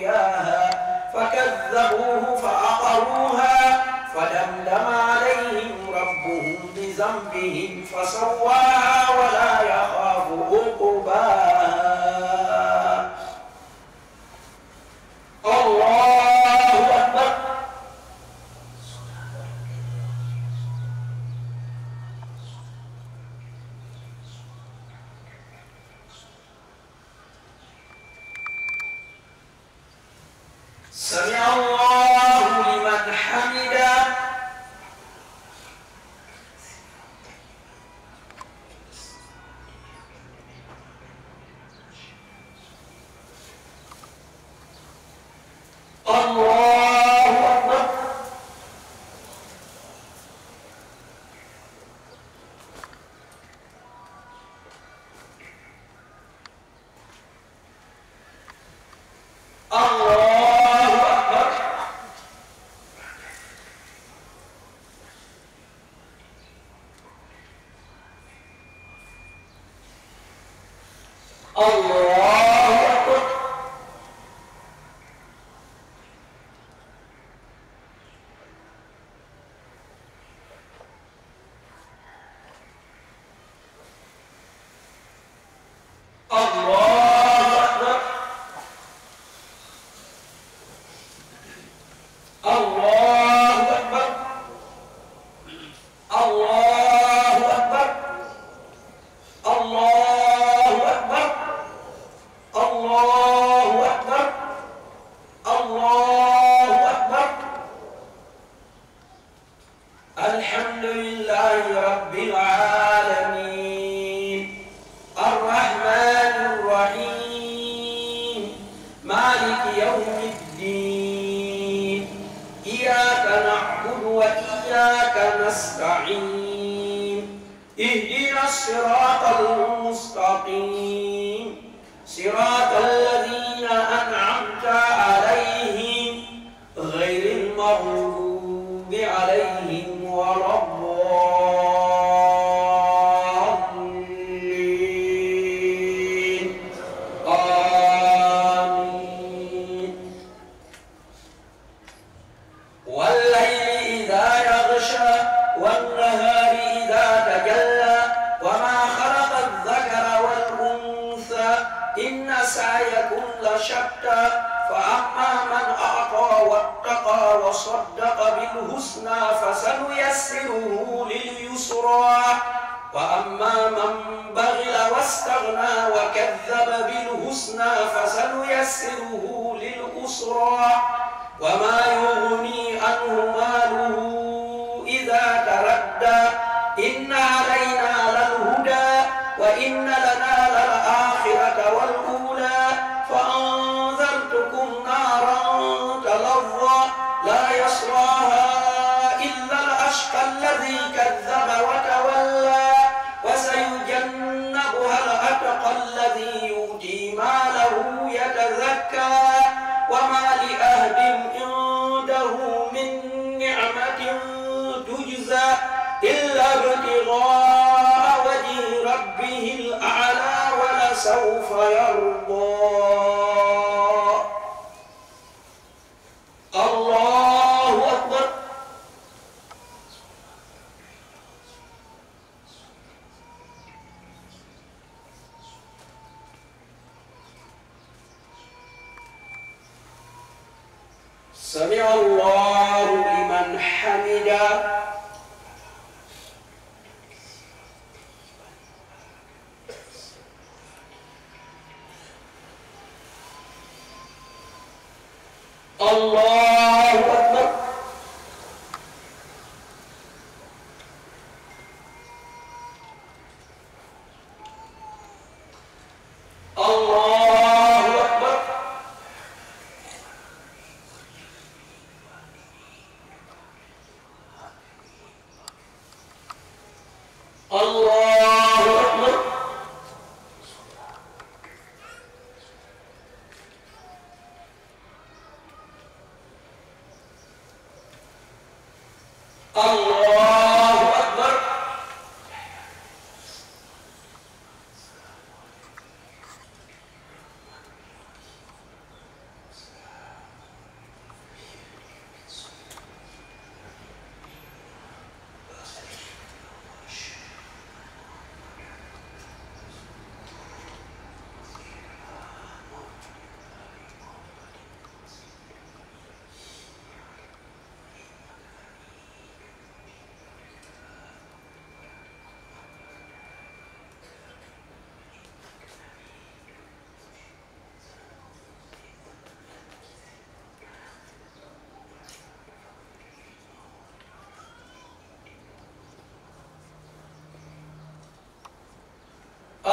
سقياها فكذبوه فعقروها فدمدم عليهم ربهم بذنبهم فسواها Allah شتى فأما من أعطى واتقى وصدق بالحسنى فسنيسره لليسرى وأما من بغي واستغنى وكذب بالحسنى فسنيسره للأسرى وما يغني عنه ماله سوف يرضى الله أكبر سمع الله لمن حمده Allah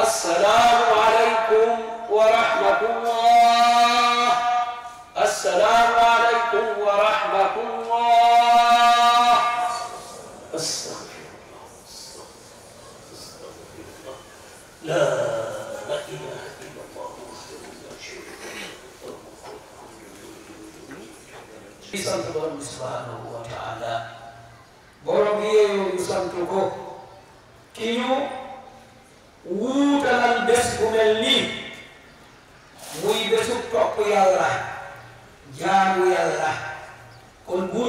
السلام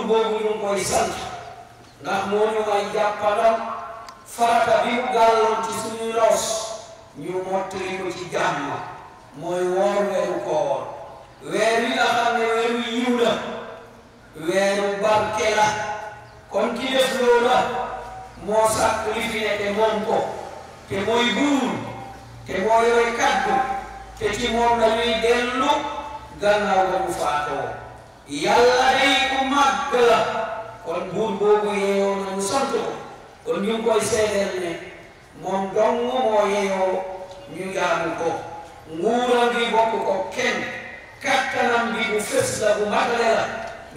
boobu ñu ngi koy sant ndax moo ñu may jàppalal farata bi ñu mottali ko ci jàmm mooy woor weeru koor weer wi nga ne weeru yiw la weeru barke la kon ki def loola moo sàkk li fi ne te moom ko te mooy buur te moo yore kàddu te ci moom la ñuy mu faatoo yàlla day ku màgg kon buur boobu yeeyoo na mu sant ko kon ñu koy seedeel ne moom dong moo yeeyoo ñu jaamu ko nguuram gi bokk ko kenn kattanam bi bu fës la bu matale la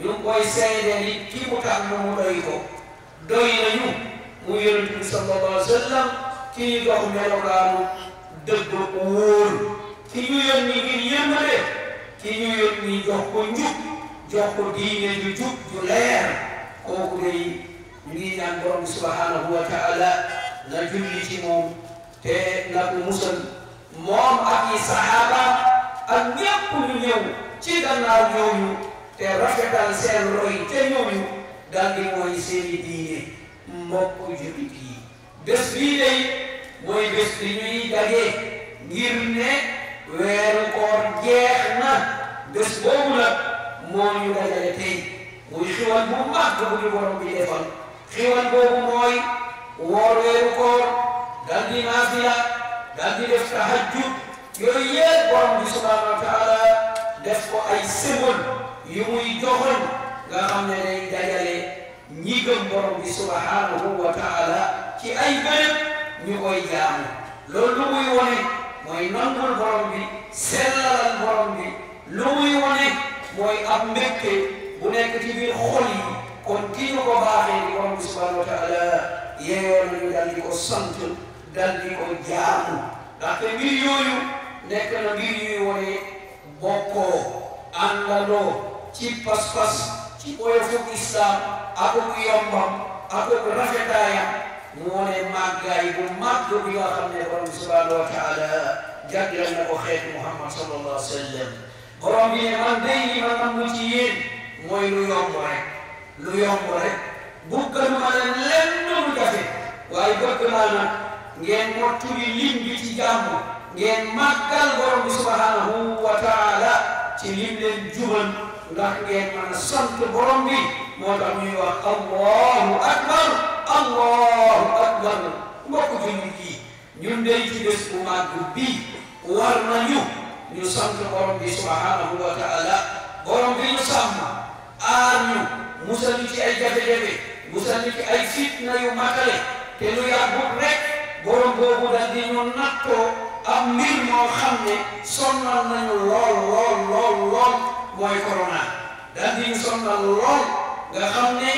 ñu koy seedeel it kii mu tànn mu doy ko doy nañu mu yonent bi sallallahu alayhi wa sallam ki ñu dox melokaanu dëgg wóor ki ñu yónni ngir yërmande ki ñu yónni jox ko njub jox ko diine ju ju leer kooku day ngi ñaan borom bi subhanahu wa taala na julli ci te na ko musal moom ak yi sahaaba ak ñépp ñu ñëw ci gannaaw ñooñu te rafetal seen roy te ñooñu daal di seeni diine mbokk jullit yi bés bii day mooy bés ngir ne weeru koor jeex na bés boobu la moo ñu dajale tey muy xéwal bu baax boobu ñu borom bi defal mooy woor weeru koor dal di naafila def tahajjud yooyu yëpp borom bi wa taala def ko ay symbole yu muy joxoon nga xam ne day dajale ñi gëm borom bi wa taala ci ay béréb ñu koy jaamu loolu lu muy wone mooy nangul borom bi sellalal lu muy wone mooy am mbégte bu nekk ci biir xol kon kii ñu ko baaxee di borom bi subhanahu wa taala yeewoo nañu dal di ko sant dal di ko jaamu ndaxte mbir yooyu nekk na mbir yuy wane bokkoo àndaloo ci pas-pas ci oyofu islam ak ku yombam ak ku rafetaayam moo ne màggaay bu màgg bi nga xam ne borom bi wa taala jagleel na ko xeet Muhammad sallam borom bi ne man day yi ma nangu ci yéen mooy lu yomb rek lu yomb rek bëggal ma ne lenn lu jafe waaye bëgg naa nag ngeen mottuli lim bi ci jàmm ngeen màggal borom bi subhanahu wa taala ci lim leen jubal ndax ngeen mën sant borom bi moo tax ñuy wax allahu akbar allahu akbar mbokk jullit yi ñun day ci bés bu màgg bii war nañu ñu sant borom bi subhanahu wa taala borom bi ñu sàmm aar ñu musal ñu ci ay jafe-jafe musal ñu ci ay fitna yu matale te lu yàggut rek borom boobu daal di ñu nattoo am mbir moo xam ne sonnal nañu lool lool lool lool mooy corona daal di ñu sonnal lool nga xam ne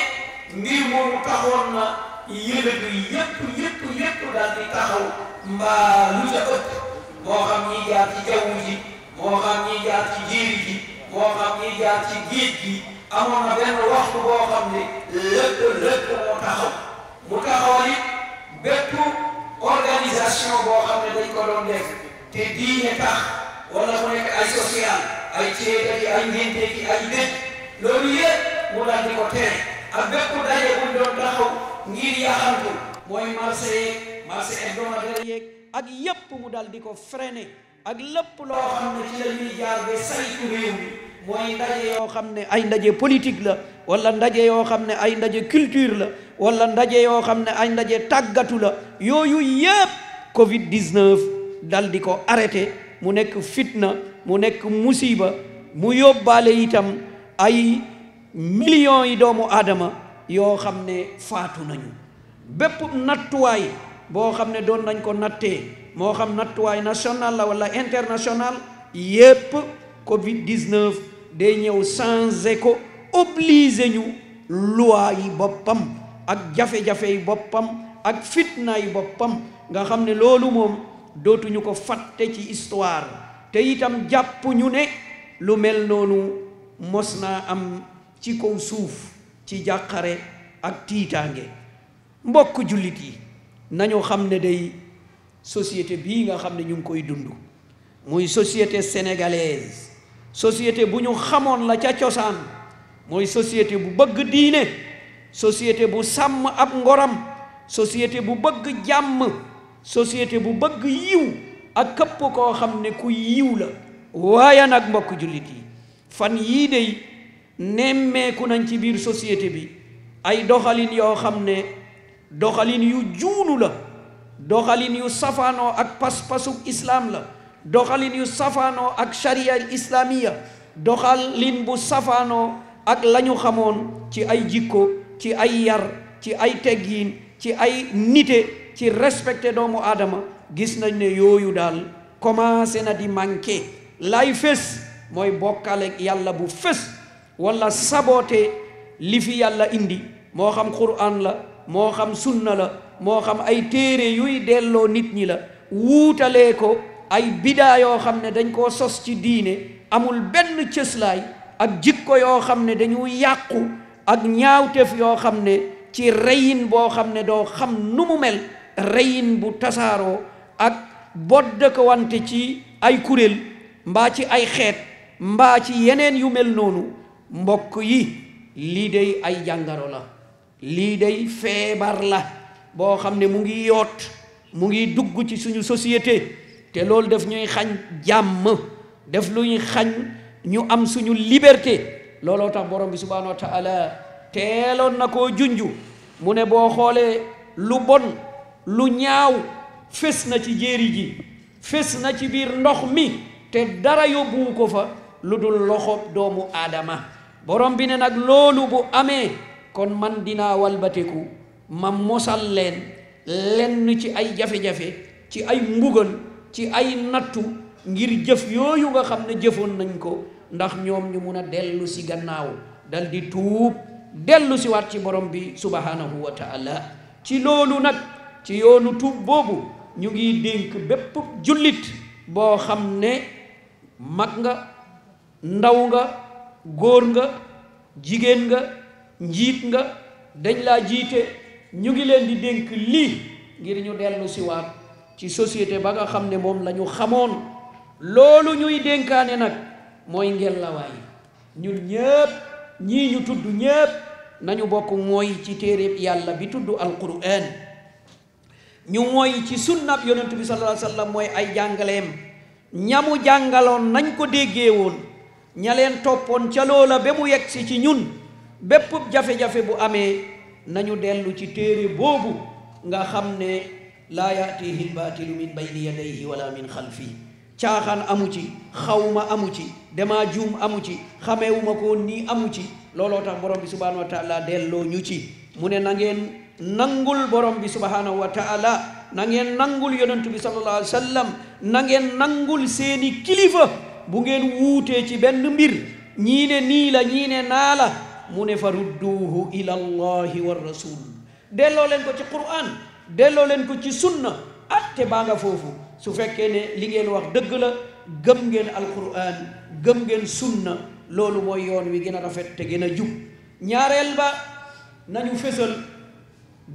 mbir moomu taxoon na yële bi yëpp yëpp yëpp daal di taxaw mbaa lu ca ëpp. moo xam ñiy jaar ci jaww ji moo xam ñiy jaar ci jiir ji moo xam ñiy jaar ci géej gi amoon na benn waxtu boo xam ne lépp lépp moo taxaw mu taxawal it bépp organisation boo xam ne dañ ko doon def te diine tax wala mu nekk ay social ay ceeta ay ngénte ay dëj loolu yëpp mu daal ko tere ak bépp daje doon taxaw ngir yaxantu mooy marché marché hebdomadaire yeeg ak yëpp mu dal di ko freiné ak lëpp loo xam ne ci jaar ba saytu mooy ndaje yoo xam ne ay ndaje politique la wala ndaje yoo xam ne ay ndaje culture la wala ndaje yoo xam ne ay ndaje tàggatu la yooyu yépp covid 19 dal di ko arrêté mu nekk fitna mu nekk musiba mu yóbbaale itam ay millions yi doomu aadama yoo xam ne faatu nañu bépp nattuwaay boo xam ne doon nañ ko nattee moo xam nattuwaay national la wala international yépp covid 19 day ñëw changé ko obligé ñu loi yi boppam ak jafe-jafe boppam ak fitna boppam nga xam ne loolu moom dootuñu ko fàtte ci histoire te itam jàpp ñu ne lu mel noonu mos naa am ci kaw suuf ci jàqare ak tiitaange mbokk jullit yi nañu xam ne day société bii nga xam ne ñu ngi koy dund muy société sénégalaise société bu ñu xamoon la ca cosaan mooy société bu bëgg diine société bu sàmm ab ngoram société bu bëgg jàmm société bu bëgg yiw ak këpp koo xam ne ku yiw la waaye nag mbokk jullit yi fan yii day nemmeeku nañ ci biir société bi ay doxalin yoo xam ne doxalin yu juunu la doxalin yu safaanoo ak pas-pasub islaam la doxalin yu safaanoo ak sharia islaamiya doxalin bu safaanoo ak lañu xamoon ci ay jikko ci ay yar ci ay teggiin ci ay nite ci respecté doomu aadama gis nañ ne yooyu daal commencé na di manqué lay fés mooy bokkale yàlla bu fés walla saboté li fi yàlla indi moo xam quran la moo xam sunna la moo xam ay téere yuy delloo nit ñi la wuutalee ko ay bidaa yoo xam ne dañ koo sos ci diine amul benn cëslaay ak jikko yoo xam ne dañu yàqu ak ñaawteef yoo xam ne ci reyin boo xam ne doo xam nu mu mel reyin bu tasaaroo ak bodd ko wante ci ay kuréel mbaa ci ay xeet mbaa ci yeneen yu mel noonu mbokk yi lii dey ay jàngaro la lii day feebar la boo xam ne mu ngi yoot mu ngi dugg ci suñu societé te loolu def ñuy xañ jàmm def luy xañ ñu am suñu liberté looloo tax borom bi subhanahu wa taala teeloon na ko junju mu ne boo xoolee lu bon lu ñaaw fés na ci jéeri ji fés na ci biir ndox mi te dara yóbbuwu ko fa lu dul loxob doomu aadama borom bi ne nag loolu bu amee kon man dinaa walbateku ma mosal leen lenn ci ay jafe-jafe ci ay mbugal ci ay nattu ngir jëf yooyu nga xam ne jëfoon nañ ko ndax ñoom ñu mun a dellu si gannaaw dal di tuub dellu si waat ci borom bi subhanahu wa ci loolu nag ci yoonu tuub boobu ñu ngi dénk bépp jullit boo xam ne mag nga ndaw nga góor nga jigéen nga njiit nga dañ laa jiite ñu ngi leen di dénk lii ngir ñu dellu ci société ba nga xam ne moom lañu xamoon loolu ñuy dénkaane nag mooy ngelawaay ñun ñépp ñii ñu tudd ñépp nañu bokk mooy ci téeréb yàlla bi tudd alquran ñu mooy ci sunnab yonent bi sallallahu mooy ay jàngaleem ñamu jàngaloon nañ ko déggee ña leen toppoon ca loola ba mu yegg si ci ñun bépp jafe-jafe bu amee nañu dellu ci téere boobu nga xam ne laa yaatihi lbaatilu min bayni yadayhi wala min xalfi caaxaan amu ci xawma amu ci dema juum amu ci xamewuma ko nii amu ci looloo tax borom bi subhanahu wa delloo ñu ci mu ne na ngeen nangul borom bi subhanahu wa taala na ngeen nangul yonentu bi sallallahu alayhi wa sallam na ngeen nangul seeni kilifa bu ngeen wuutee ci benn mbir ñii ne nii la ñii ne naa mu ne fa rudduuhu ila allahi wa rasul delloo leen ko ci quran delloo leen ko ci sunna atte baa nga foofu su fekkee ne li ngeen wax dëgg la gëm ngeen alquran gëm ngeen sunna loolu mooy yoon wi gën a rafet te gën a jub ñaareel ba ñu fésal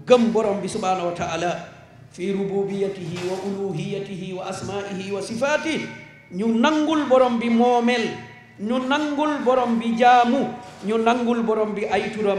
gëm borom bi subhaanahu wa taala fi rububiyatihi wa uluhiyatihi wa asmaihi wa sifaatihi ñu nangul borom bi moomeel ñu nangul borom bi jaamu ñu nangul borom bi ay turam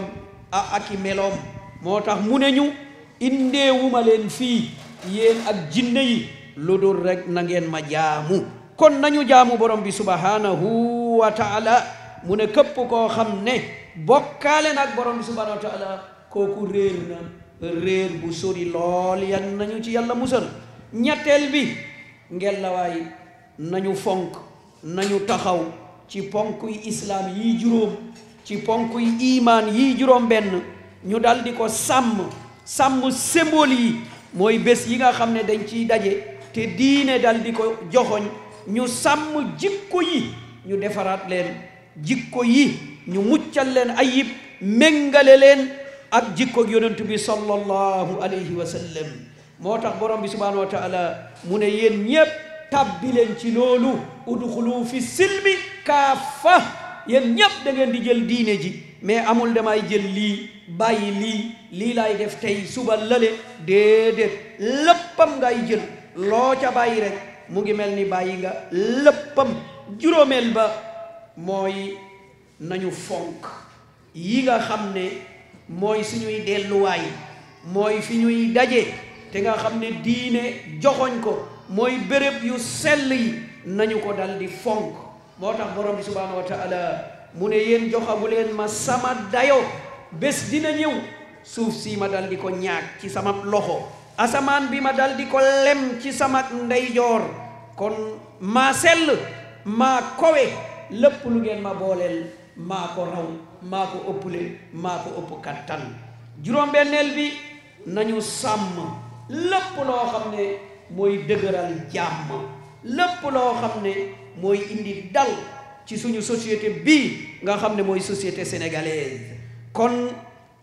a aki meloom moo tax mu ne ñu indeewuma leen fii yéen ak jinne lu dul rek na ngeen ma jaamu kon nañu jaamu borom bi subhanahu wa taala mu ne képp koo xam ne bokkaale nag borom bi subhanahu wa taala kooku réer na réer bu sori lool yan nañu ci yàlla musal ñetteel bi ngel lawaay nañu fonk nañu taxaw ci ponk yi islaam yi juróom ci ponk yi imaan yi juróom benn ñu daldi ko sàmm sàmm symbole yi mooy bés yi nga xam ne dañ ciy daje te diine dal di ko joxoñ ñu sàmm jikko yi ñu defaraat leen jikko yi ñu muccal leen ayib méngale leen ak jikko yonent bi sallallahu alayhi wa sallam moo tax borom bi subhanahu wa mu ne yéen ñépp tàbbi leen ci loolu udxulu fi silmi kaafa yéen ñépp da ngeen di jël diine ji mais amul damay jël lii bàyyi lii lii laay def tey suba lale déedéet léppam ngay jël loo ca bàyyi rek mu ngi mel ni bàyyi nga lëppam juróomeel ba mooy nañu fonk yi nga xam ne mooy suñuy delluwaay mooy fi ñuy daje te nga xam ne diine joxoñ ko mooy béréb yu sell yi nañu ko daldi fonk moo tax borom bi subhaanahu wa taala mu ne yéen joxabu leen ma sama dayo bés dina ñëw suuf si ma dal di ko ñaag ci sama loxo asamaan bi ma dal di ko lem ci sama ndeyjoor kon maa sell maa kowe lépp lu ngeen ma booleel maa ko raw maa ko ëpple maa ko ëpp kattan juróom-benneel bi nañu sàmm lépp loo xam mooy dëgëral jàmm lépp loo xam ne mooy indi dal ci suñu société bii nga xam ne mooy société sénégalaise kon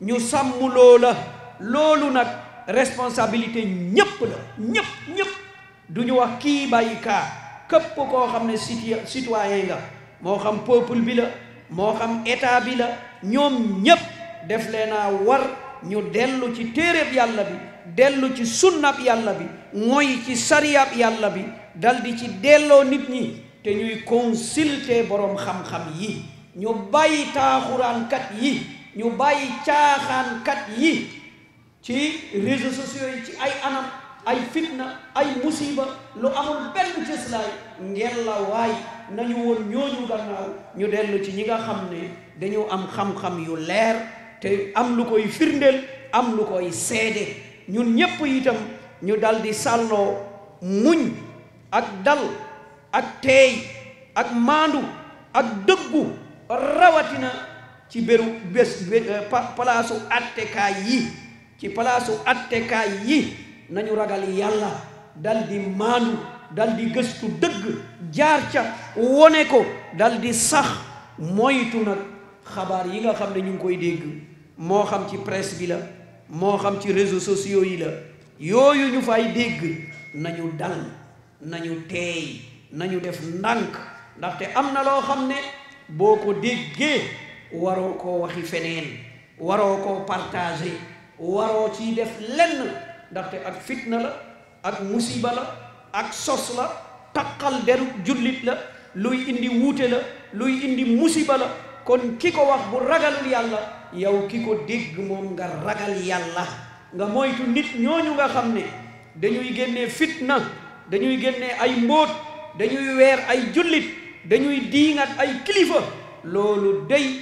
ñu sàmm la loolu nag responsabilité ñépp la ñépp ñépp du ñu wax kii bàyyi kaa koo xam ne citoyen nga moo xam peuple bi la moo xam état bi la ñoom ñëpp def leen a war ñu dellu ci téereb yàlla bi dellu ci sunnab yàlla bi mooy ci sariyab yàlla bi daldi ci delloo nit ñi te ñuy consulter boroom xam-xam yi ñu bàyyi taaxuraankat yi ñu bàyyi caaxaankat yi ci réseaux sociaux ci ay anam ay fitna ay musiba lu amul benn cëslaay ngel la waay nañu woon ñooñu gannaaw ñu dellu ci ñi nga xam ne dañu am xam-xam yu leer te am lu koy firndeel am lu koy seede ñun ñépp itam ñu daldi di sàlloo muñ ak dal ak teey ak maandu ak dëggu rawatina ci béru bés euh, palaasu attekaay yi ci palaasu attekaay yi nañu ragal yàlla dal di maandu dal gëstu dëgg jaar ca wone ko daldi sax moytu nag xabaar yi nga xam ne ñu ngi koy dégg moo xam ci presse bi la moo xam ci réseau sociaux yi la yooyu ñu fay dégg nañu dal nañu teey nañu def ndànk ndaxte am na loo xam ne boo ko déggee waroo ko waxi feneen waroo koo partager waroo ci def lenn ndaxte ak fitna la ak musiba la ak sos la taqal deru jullit la luy indi wuute la luy indi musiba la kon ki ko wax bu ragalul yàlla yow ki ko dégg moom nga ragal yàlla nga moytu nit ñooñu nga xam ne dañuy génnee fitna dañuy génne ay mbóot dañuy weer ay jullit dañuy diingat ay kilifa loolu day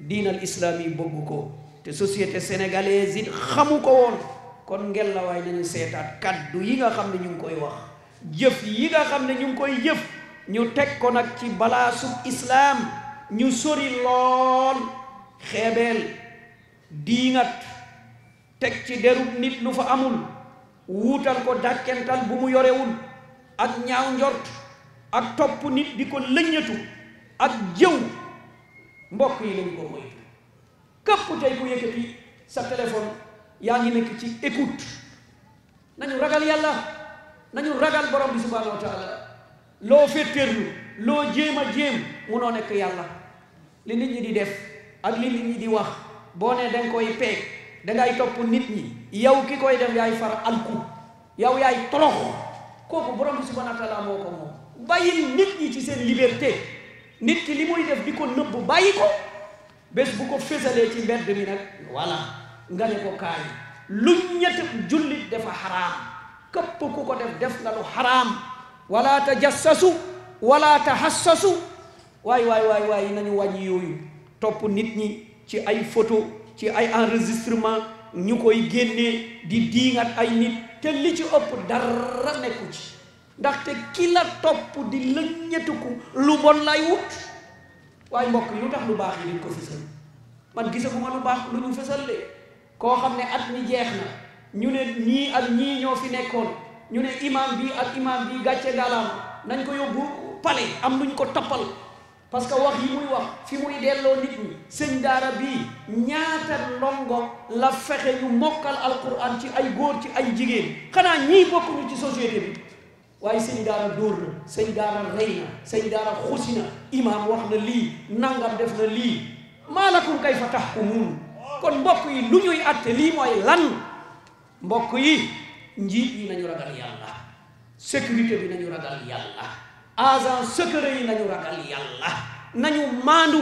diinal islaam yi bëgg ko te société sénégalaise xamu ko woon kon ngel la nañu seetaat kàddu yi nga xam ne ñu ngi koy wax jëf yi nga xam ne ñu ngi koy jëf ñu teg ko nag ci balaasu islaam ñu sori lool xeebeel diingat teg ci derub nit lu fa amul wuutal ko dàkkental bu mu yorewul ak ñaaw njort ak topp nit di ko lëññatu ak jëw mbokk yi lañ ko moytu képp tey ku yëkkati sa téléphone yaa ngi nekk ci écoute nañu ragal yàlla nañu ragal borom bi subhanahu wa taala loo féetéerlu loo jéem a jéem munoo nekk yàlla li nit ñi di def ak li nit ñi di wax boo ne danga koy peeg dangay topp nit ñi yow ki koy def yaay far alku yow yaay tolox kooku borom bi subhanahu wa taala moo ko moom bàyyil nit ñi ci seen liberté nit ki li muy def di ko nëbb bàyyi ko bés bu ko fésalee ci mbedd mi nag voilà nga ne ko kaay lu ñett jullit dafa xaraam képp ku ko def def nga lu xaraam wala tajassasu wala tahassasu waay waay waay waay nañu wàññi yooyu topp nit ñi ci ay photo ci ay enregistrement ñu koy génnee di diingat ay nit te li ci ëpp dara nekku ci ndaxte ki la topp di lëññatiku lu bon lay wut waaye mbokk yi lu tax lu baax yi dañ ko fësal man gisaguma lu baax lu ñu fësal de koo xam ne at mi jeex na ñu ne ñii ak ñii ñoo fi nekkoon ñu ne imam bi ak imam bi gàcce galaam nañ ko yóbbu palais am luñ ko tappal parce que wax yi muy wax fi muy delloo nit ñi sëñ daara bii ñaata ndongo la fexe ñu mokkal alquran ci ay góor ci ay jigéen xanaa ñii bokkuñu ci société bi waaye sëñ daara dóor na sëñ daara rey na sëñ daara xusi na imaam wax na lii nangam def na lii maalakum kay fa tahkumuun kon mbokk yi lu ñuy atte lii mooy lan mbokk yi njiit yi nañu ragal yàlla sécurité bi nañu ragal yàlla agent secret yi nañu ragal yàlla nañu maandu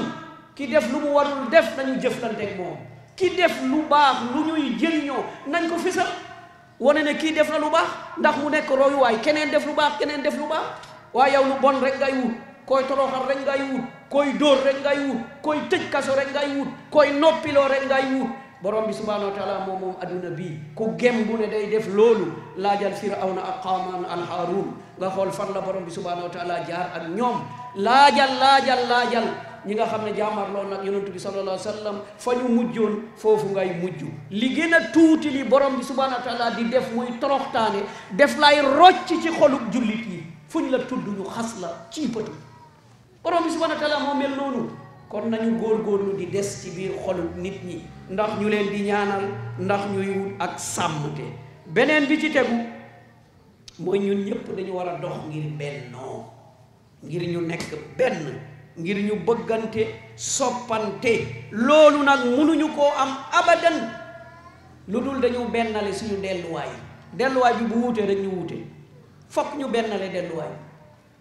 ki def lu mu warul def nañu jëflanteeg moom ki def lu baax lu ñuy jëriñoo nañ ko fisal wane ne kii def na lu baax ndax mu nekk royuwaay keneen def lu baax keneen def lu baax waaye yow lu bon rek ngay wut koy toroxal rek ngay wut koy dóor rek ngay wut koy tëj kaso rek ngay wut koy noppiloo rek ngay wut borom bi subhaanahu wa taala moom moom adduna bii ku gem bu ne day def loolu laajal firawna ak xaamaan al haaruun nga xool fan la borom bi subhaanahu wa taala jaar ak ñoom laajal laajal laajal ñi nga xam ne jaamarloo nag yonentu bi sallallahu alayhi wa sallam fa ñu mujjoon foofu ngay mujj li gën a tuuti li borom bi subhaanahu wa taala di def muy toroxtaane def lay rocc ci xolub jullit yi fuñ la tudd ñu xas la ciipatu borom bi subhaanahu wa moo mel noonu kon nañu góorgóorlu di des ci biir xolu nit ñi ndax ñu leen di ñaanal ndax ñuy wut ak sàmmte beneen bi ci tegu mooy ñun ñëpp dañu war a dox ngir bennoo ngir ñu nekk benn ngir ñu bëggante soppante loolu nag mënuñu koo am abadan lu dul dañu bennale suñu delluwaay delluwaay bi bu wuutee rek ñu wuute fokk ñu bennale delluwaay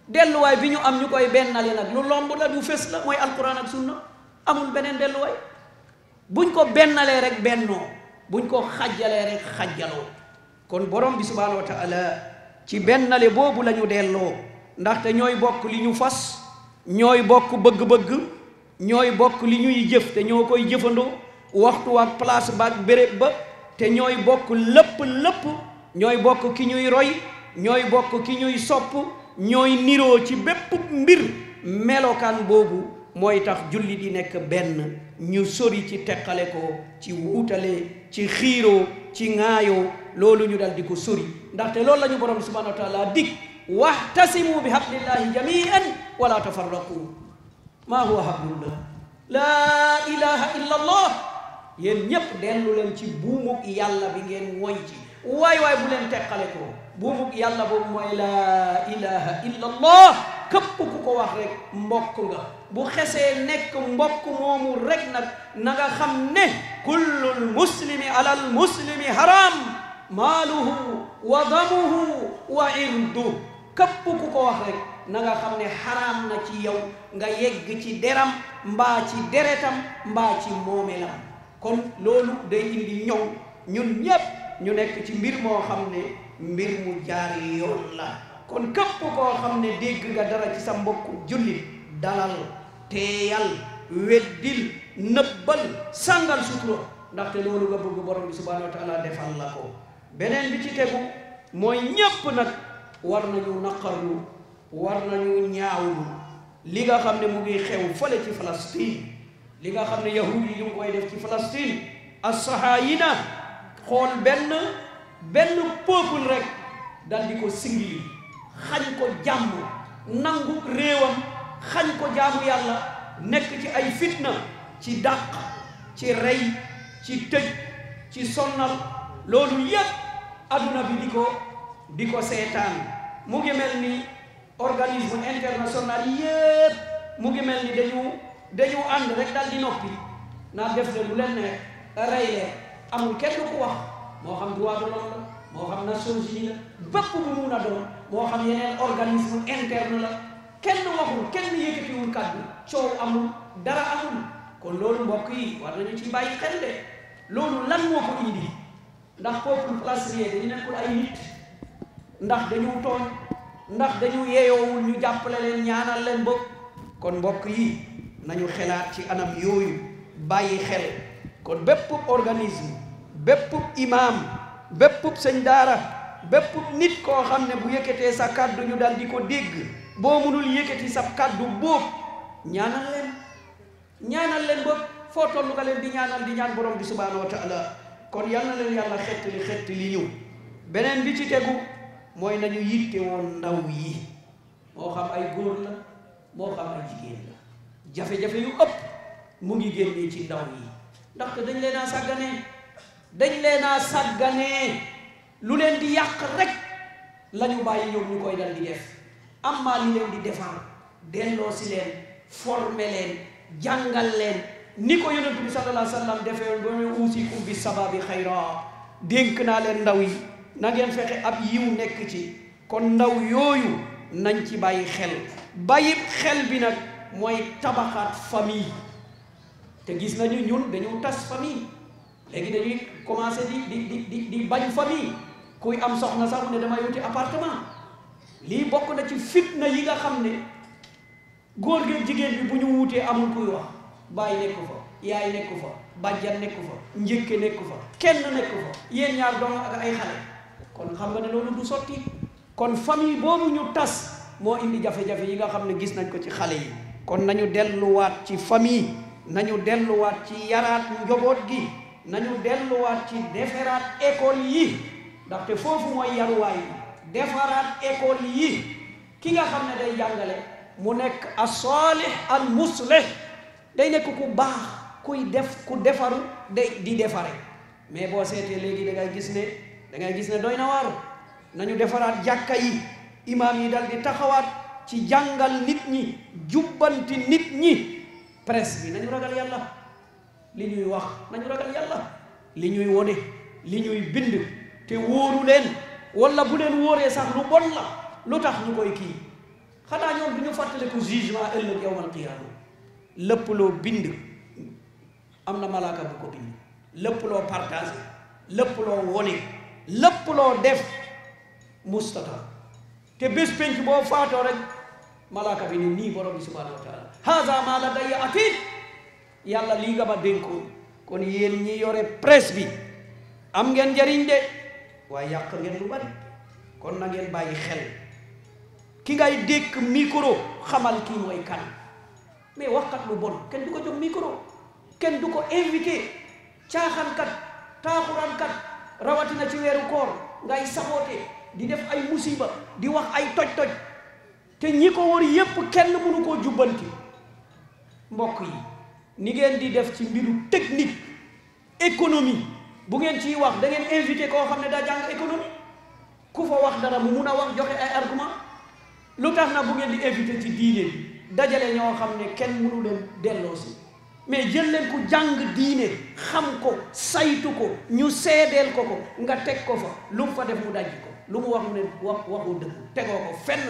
delluwaay bi ñu am ñu koy bennali nag lu lomb la lu fës la mooy alquran ak sunna amul beneen delluwaay buñ ko bennalee rek bennoo buñ ko xajalee rek xajjaloo kon borom bi subhanahu wa taala ci bennale boobu lañu ñu delloo ndaxte ñooy bokk li ñu fas ñooy bokk bëgg-bëgg ñooy bokk li ñuy jëf te ñoo koy jëfandoo waxtu ak place ba ak ba te ñooy bokk lépp lépp ñooy bokk ki ñuy roy ñooy bokk ki ñuy sopp ñooy niroo ci bépp mbir melokaan boobu mooy tax julli di nekk benn ñu sori ci teqale ko ci wuutale ci xiiroo ci ŋaayoo loolu ñu dal di ko sori ndaxte lool la ñu borom subhanahu wa taala dig waxtasimu bi hablillahi jamian wala tafarraqu maa huwa hablullah laa ilaha illa allah yéen ñépp dellu leen ci buumu yàlla bi ngeen moy ci waay waay bu leen teqale ko buubug yàlla boobu mooy laa ilaha illa këpp ku ko wax rek mbokk nga bu xesee nekk mbokk moomu rek nag na nga xam ne kullul muslimi alal muslimi haram maaluhu wa damuhu wa irdu këpp ku ko wax rek na nga xam ne xaraam na ci yow nga yegg ci deram mbaa ci deretam mbaa ci moomelam kon loolu day indi ñëw ñun ñépp ñu nekk ci mbir moo xam ne mbir mu jaar yoon la kon képp koo xam ne dégg nga dara ci sa mbokk jullit dalal teeyal weddil nëbbal sàngal sutura ndaxte loolu nga bëgg borom bi subhanahu wa taala defal la ko beneen bi ci tegu mooy ñépp nag war nañu naqarlu war nañu ñaawlu li nga xam ne mu ngi xew fële ci Palestine li nga xam ne yahud yi ñu ngi koy def ci Palestine assahaayina xool benn benn peuple rek dal di ko singili xañ ko jàmm nangu réewam xañ ko jaamu yàlla nekk ci ay fitna ci dàq ci rey ci tëj ci sonnal loolu yépp adduna di ko di ko seetaan mu ngi ni organisme international yépp mu ngi ni dañu dañu ànd rek dal di noppi naa def le amul kenn ku wax moo xam droit de l'homme la moo xam Nations Unies la bépp bu mun a doon moo xam yeneen organisme interne la kenn waxul kenn yëkkatiwul kàddu coow amul dara amul kon loolu mbokk yi war nañu ci bàyyi xel de loolu lan moo ko indi ndax peuple palestinien dañu nekkul ay nit ndax dañu tooñ ndax dañu yeeyoowul ñu jàppale leen ñaanal leen bopp kon mbokk yi nañu xelaat ci anam yooyu bàyyi xel kon bépp organisme bépp imaam bépp sëñ daara bépp nit koo xam ne bu yëkkatee sa kàddu ñu dal di ko dégg boo mënul yëkkati sa kàddu boobu ñaanal leen ñaanal leen boobu foo tollu nga leen di ñaanal di ñaan borom bi subhaanahu wa taala kon yal na leen yàlla xett li xett li beneen bi ci tegu mooy nañu yitte woon ndaw yi moo xam ay góor la moo xam ay jigéen la jafe-jafe yu ëpp mu ngi génnee ci ndaw yi ndaxte dañ leen a sàgganee dañ leen a sàgganee lu leen di yàq rek la ñu bàyyi ñoom ñu koy dal di def amma li leen di defar delloo si leen former leen jàngal leen ni ko yonent bi sallallahu alayhi wa sallam defee woon ba mu uusikum bi sababi xayra dénk naa leen ndaw yi na ngeen fexe ab yiw nekk ci kon ndaw yooyu nañ ci bàyyi xel bàyyi xel bi nag mooy tabaxaat famille te gis nañu ñun dañu tas famille léegi dañuy commencé di di di di bañ famille kuy am soxna sax mu ne damay wuti appartement lii bokk na ci na yi nga xam ne góor gi jigéen bi bu ñu wutee amul kuy wax bàyyi nekku fa yaay nekku fa bàjjan nekku fa njëkke nekku fa kenn nekk fa yéen ñaar doon ak ay xale kon xam nga ne loolu du sotti kon famille boobu ñu tas moo indi jafe-jafe yi nga xam ne gis nañ ko ci xale yi kon nañu delluwaat ci famille nañu delluwaat ci yaraat njoboot gi nañu delluwaat ci defaraat école yi ndaxte foofu mooy yaruwaay defaraat école yi ki nga xam ne day jàngale mu nekk as-salih al day nekk ku baax kuy def ku defaru day di defare mais boo seetee léegi da ngay gis ne da ngay gis ne doy na waar nañu defaraat jàkka yi imam yi dal di taxawaat ci jàngal nit ñi jubbanti nit ñi presse yi nañu ragal yàlla li ñuy wax nañu ragal yàlla li ñuy wone li ñuy bind te wóoru leen wala bu leen wóoree sax lu bon la lu tax ñu koy kii xanaa ñoom du ñu fàttaliku jugement ëllëg yawmal qiyaama lépp loo bind am na malaaka bu ko bind lépp loo partagé lépp loo wone lépp loo def mustata te bés penc boo faatoo rek malaaka bi ni nii borom bi subhanahu wa taala haza ma la dayya yàlla lii nga ma dénkoon kon yéen ñi yore presse bi am ngeen njariñ de waaye yàq ngeen lu bari kon na ngeen bàyyi xel ki ngay dékk micro xamal kii mooy kan mais waxkat lu bon kenn du ko jox mikoro kenn du ko invité caaxaankat taaxuraankat rawatina ci weeru koor ngay saboote di def ay musiba di wax ay toj-toj te ñi ko wër yépp kenn mënu koo jubbanti mbokk yi ni ngeen di def ci mbiru technique économie bu ngeen ci wax dangeen invité koo xam ne da jàng économie ku fa wax dara mu mun a wax joxe ay argument lu tax na bu ngeen di invité ci diine dajale ñoo xam ne kenn mënu leen delloo si mais jël leen ku jàng diine xam ko saytu ko ñu seedeel ko ko nga teg ko fa lu mu fa def mu daj ko lu mu wax mu ne wax waxu dëgg tegoo ko fenn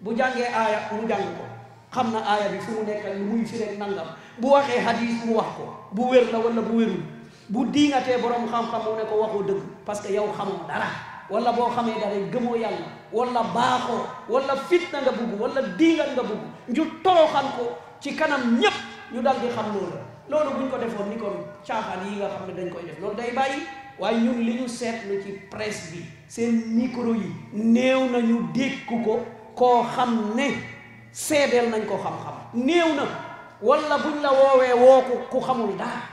bu jàngee aaya mu jàng ko xam na aaya bi fu mu nekk lu muy firi la bu waxee hadis mu wax ko bu wér la wala bu wérul bu diingatee borom xam-xam mu ne ko waxoo dëgg parce que yow xamoo dara wala boo xamee dara gëmoo yàlla wala baaxoo wala fitna nga bugg wala diingat nga bugg ñu toroxal ko ci kanam ñépp ñu dal di xam loolu loolu buñ ko defoon ni kon caaxaan yi nga xam ne dañ koy def loolu day bàyyi waaye ñun li ñu seetlu ci presse bi seen micro yi néew nañu dégg ko koo xam seedeel nañ ko xam-xam néew na wala buñ la woowee woo ku ku xamul dara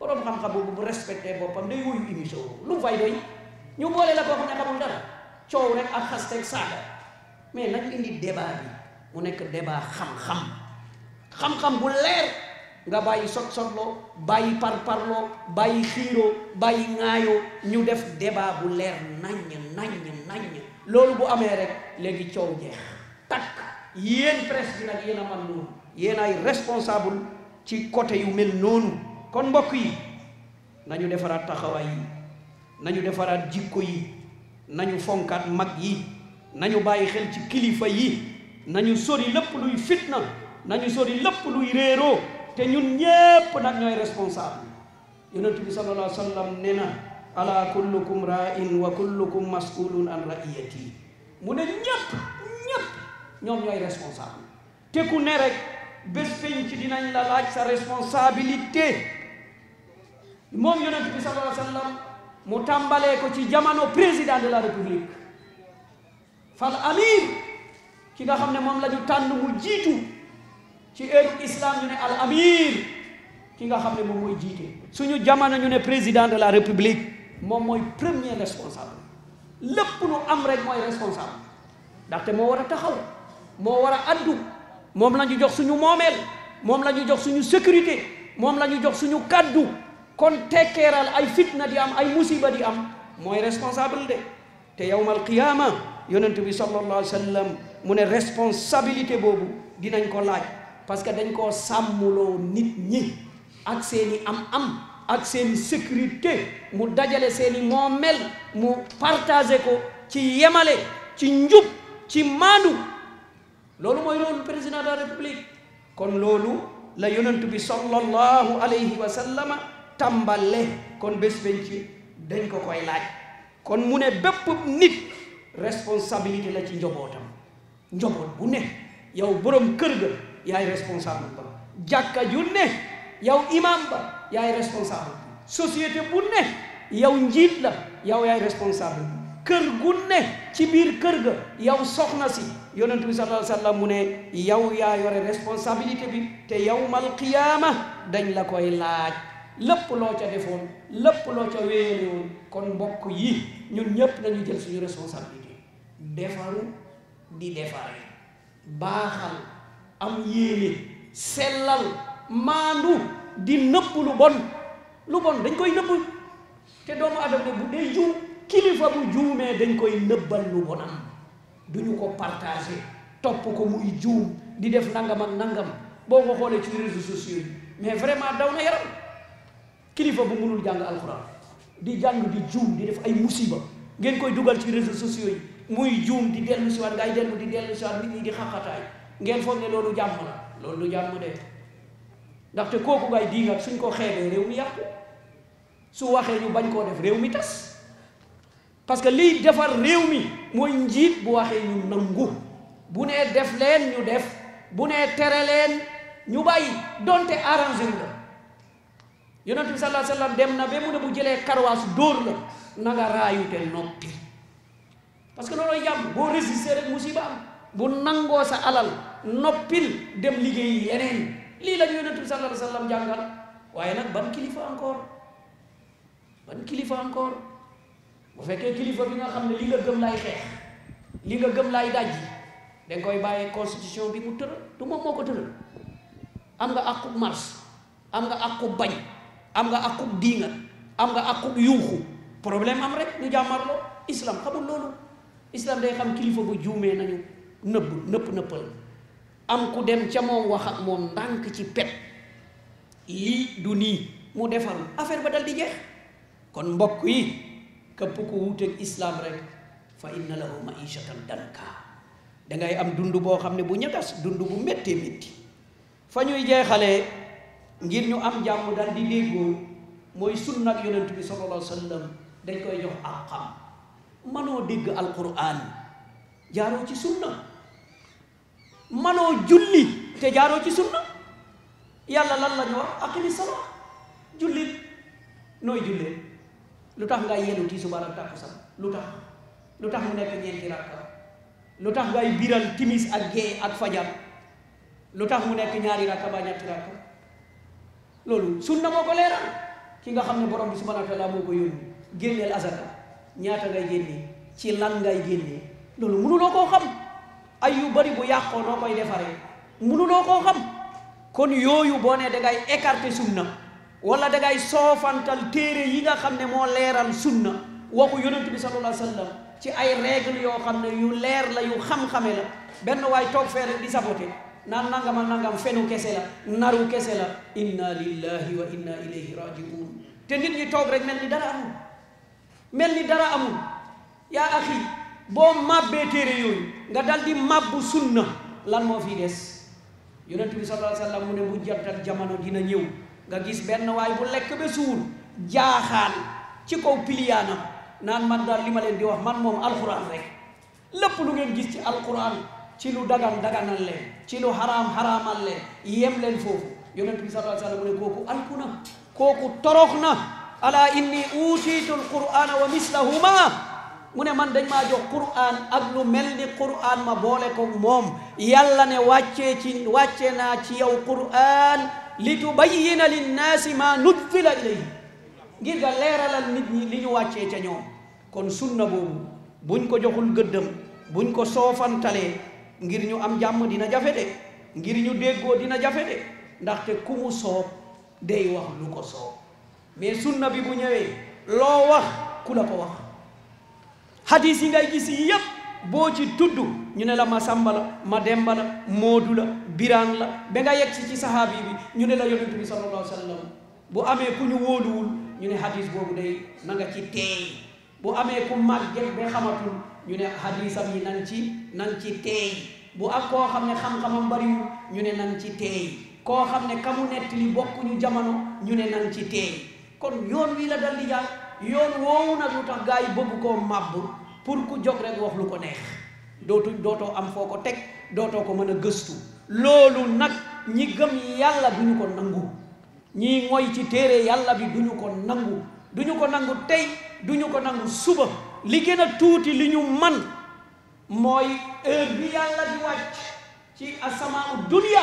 borom xam-xam boobu bu respecté boppam day wuyu émission lu mu fay doy ñu boolee la ko ne xamul dara coow rek ak xasteeg saaga mais nañ indi débat bi mu nekk débat xam-xam xam-xam bu leer nga bàyyi sot sotloo bàyyi parparloo bàyyi xiiroo bàyyi ŋaayoo ñu def débat bu leer naññ naññ naññ loolu bu amee rek léegi coow jeex takk yéen presse bi nag yéen a man noonu ay responsable ci côté yu mel noonu kon mbokk yi nañu defaraat taxawaay yi nañu defaraat jikko yi nañu fonkaat mag yi nañu bàyyi xel ci kilifa yi nañu sori lépp luy fitna nañu sori lépp luy réeroo te ñun ñépp nag ñooy responsable yonent bi sallallahu alayhi wa sallam ne na ala kullukum ra'in wa kullukum mas'ulun an ra'iyati mu ne ñépp ñoom ñooy responsable te ne rek bés peñ ci dinañ la laaj sa responsabilité moom yonent bi sallallahu alayhi wa sallam mu tàmbalee ko ci jamono président de la république fal amir ki nga xam ne moom la ñu tànn jiitu ci heure islam ñu ne ki nga xam ne moom mooy suñu jamono ñu ne président de la république moom mooy premier responsable lépp lu am rek mooy responsable ndaxte moo war a taxaw moo war a addu moom la ñu jox suñu moomeel moom la ñu jox suñu sécurité moom la ñu jox suñu kàddu kon tekkeeral ay fitna di am ay musiba di am mooy responsable te yawmal qiyaama yonent bi sallallahu alayhi wa sallam mu ne responsabilité boobu dinañ ko laaj parce que dañ ko sàmmuloo nit ñi ak seeni am-am ak seeni sécurité mu dajale seeni moomeel mu partagé ko ci yemale ci njub ci maandu. loolu mooy loolu président de la kon loolu la yonent bi sallallahu alayhi wa sallama tàmbale kon bés benn ci dañ ko koy laaj kon mu ne bépp nit responsabilité la ci njobootam njoboot bu ne yow borom kër ga yaay responsable ba jàkka ju ne yow imam ba yaay responsable société bu ne yow njiit la yow yaay responsable kër gu ne ci biir kër ga yow soxna si yonent bi sallallahu la wa sallam mu ne yow yaa yore responsabilité bi te yawmal qiyaama dañ la koy laaj lépp loo ca defoon lépp loo ca wéerewoon kon mbokk yi ñun ñépp nañu jël suñu responsabilité defaru di defare baaxal am yéene sellal maandu di nëpp lu bon lu bon dañ koy nëpp te doomu adama bu dee juum kilifa bu juumee dañ koy nëbbal lu bonam duñu ko partagé topp ko muy juum di def nangam ak nangam boo ko xoolee ci réseaux sociaux yi mais vraiment daw na yaram kilifa bu mënul jàng alxuraan di jàng di juum di def ay musiba ngeen koy dugal ci réseaux sociaux yi muy juum di dellu si waat ngay dellu di dellu si waat nit ñi di xaqataay ngeen foog ne loolu jàmm la loolu du jàmm de ndaxte kooku ngay diingat suñ ko xeebee réew mi yàqu su waxee ñu bañ koo def réew mi tas parce que liy defar réew mi mooy njiit bu waxee ñu nangu bu nee def leen ñu def bu nee tere leen ñu bàyyi donte arrangé la yonent bi sallallahu alayhi dem na ba mu ne bu jëlee karwaas dóor la na nga parce que loolooy jàmm boo résister rek musiba am bu nangoo sa alal noppil dem liggéeyi yeneen lii la ñu yonent bi sallallahu alayhi jàngal waaye nag ban kilifa encore ban kilifa encore bu fekkee kilifa bi nga xam ne li nga gëm lay xeex li nga gëm lay daj danga koy bàyyee constitution bi mu tëral du moom moo ko tëral am nga àqu mars am nga àqu bañ am nga àqu diinga am nga àqu yuuxu problème am rek ñu jàmmarloo islam xamul loolu islam day xam kilifa bu juumee nañu nëbb nëpp nëppal am ku dem ca moom wax ak moom ndànk ci pet lii du nii mu defar affaire ba dal di jeex kon mbokk yi képp ku wuuteeg islaam rek fa inna lahu maishatan danka dangay am dund boo xam ne bu ñagas dund bu méttee métti fa ñuy jeexalee ngir ñu am jàmm dal di déggoo mooy sunnag yonent bi sallallahu alayhi dañ koy jox àqam manoo dégg alquran jaaroo ci sunna manoo julli te jaaroo ci sunna yàlla lan la ñu wax aqimi salaa nooy jullee lu tax ngay yenu tisbaar ak takkusaan lu tax lu tax mu nekk ñeenti tax ngay biral timis ak gee lu tax mu nekk ñaari rakka ba ñetti rakka loolu sunna moo ko leeral ki nga xam ne borom bi subhanahu wa moo ko yónni génneel asaka ñaata ngay génne ci lan ngay génne loolu mënuloo koo xam ay yu bari bu yàqoo noo koy defaree mënuloo koo xam kon yooyu boo ne dangay écarter sunna wala dangay soofantal téere yi nga xam ne moo leeral sunna waxu yonent bi sallallahu alayhi ci ay règle yoo xam ne yu leer la yu xam-xame la benn waay toog fee rek di sabote naan nangama nangam fenu kese la naru kese la inna lillahi wa inna ilayhi rajiun te nit ñi toog rek mel ni dara amul mel ni dara amul yaa axi boo màbbee téere yooyu nga dal di màbbu sunna lan moo fi des yonent bi sallallahu alayhi wa sallam mu ne bu jàttal jamono dina ñëw nga gis benn waay bu lekk ba suur jaaxaan ci kaw piliyaanam naan man daal li ma leen di wax man moom alxuraan rek lépp lu ngeen gis ci alxuraan ci lu dagan daganal leen ci lu xaraam xaraamal le yem leen foofu yonent bi sallallahu alayhi wa kooku alku na kooku torox na ala inni uutiitu alqur'ana wa mislahuma mu ne man dañ maa jox qur'an ak lu mel ni ma boole ko moom yàlla ne wàccee ci wàccee naa ci yow qur'an li tubayyina linnaasi maa nuzzila ilayhi ngir nga leeralal nit ñi li ñu wàccee ca ñoom kon sunna boobu buñ ko joxul gëddam buñ ko soofantalee ngir ñu am jàmm dina jafe ngir ñu déggoo dina jafe ndaxte ku mu soob day wax lu ko soob mais sunna bi bu ñëwee loo wax ku la ko wax hadis ngay gis yépp boo ci tudd ñu ne la ma sàmba la ma demba la moodu la biraan la ba nga yegg si ci sahaabi bi ñu ne la yonent bi sallallahu alayhi bu amee ku ñu wóoluwul ñu ne hadis boobu day na nga ci teey bu amee ku màgget ba xamatul ñu ne hadisam yi nan ci nan ci teey bu ak koo xam ne xam-xamam bariwul ñu ne nan ci teey koo xam ne kamu nett li bokkuñu jamono ñu ne nan ci teey kon yoon wii la dal di yoon woowu nag lu tax gaa yi bëgg koo màbb pour ku jóg rek wax ko neex dootuñ dootoo am foo ko teg dootoo ko mën a gëstu loolu nag ñi gëm yàlla duñu ko nangu ñi moy ci téere yàlla bi duñu ko nangu duñu ko nangu tey duñu ko nangu suba li gën a tuuti li ñu man mooy heure bi yàlla di wàcc ci asamaanu dunia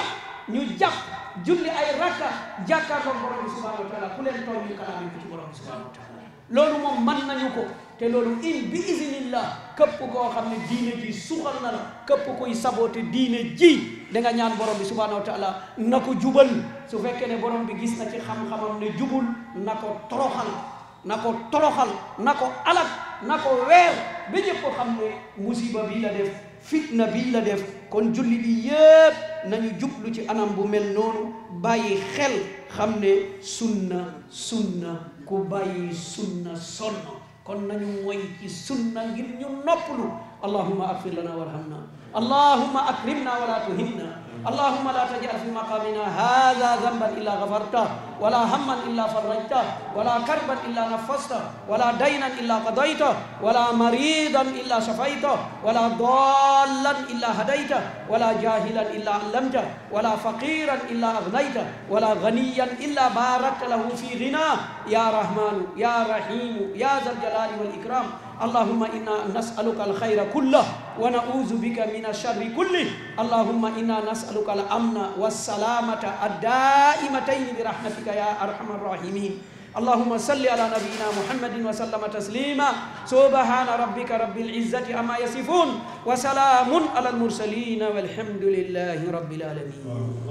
ñu jàpp julli ay rakka jàkkaar ko borom bi subhanahu wa taala ku leen tooñ ñu kalaame ko ci borom bi subhanahu wa loolu moom man nañu ko te loolu in bi isinillah képp koo xam ne diine ji suxal na la képp koy saboté diine ji danga ñaan borom bi subhanahu wa na ko jubal su fekkee ne borom bi gis na ci xam-xamam ne jubul na ko toroxal na ko toroxal na ko alak na ko weer ba ñëpp xam ne musiba bii la def fitna bii la def kon julli bi yëpp nañu jublu ci anam bu mel noonu bàyyi xel xam ne sunna sunna ku bàyyi sunna sonn kon nañu moy ci sunna ngir ñu noppalu allahumma afir lana warhamna allahumma akrimna wala tuhinna allahumma la tajal fi maqamina hadha dhanban illa ghafarta wala hamman illa farajta wala karban illa nafasta wala daynan illa qadayta wala maridan illa shafaita wala dallan illa hadaita wala jahilan illa allamta wala faqiran illa aghnaita wala ghaniyan illa barakta lahu fi ghina ya rahmanu ya rahimu ya dhal jalali wal ikram allahumma inna nasaluka alxayra kullah wa nauzu bika min alcharri kulli allahumma inna nasaluka al amna walsalamata addaimatayni bi rahmatika ya arhamar rahimin allahumma salli ala nabiyina muhammadin wa sallama taslima subhana rabbika rabbil izzati amma yasifun wa salamun ala almursalina walhamdulillahi rabbil alamin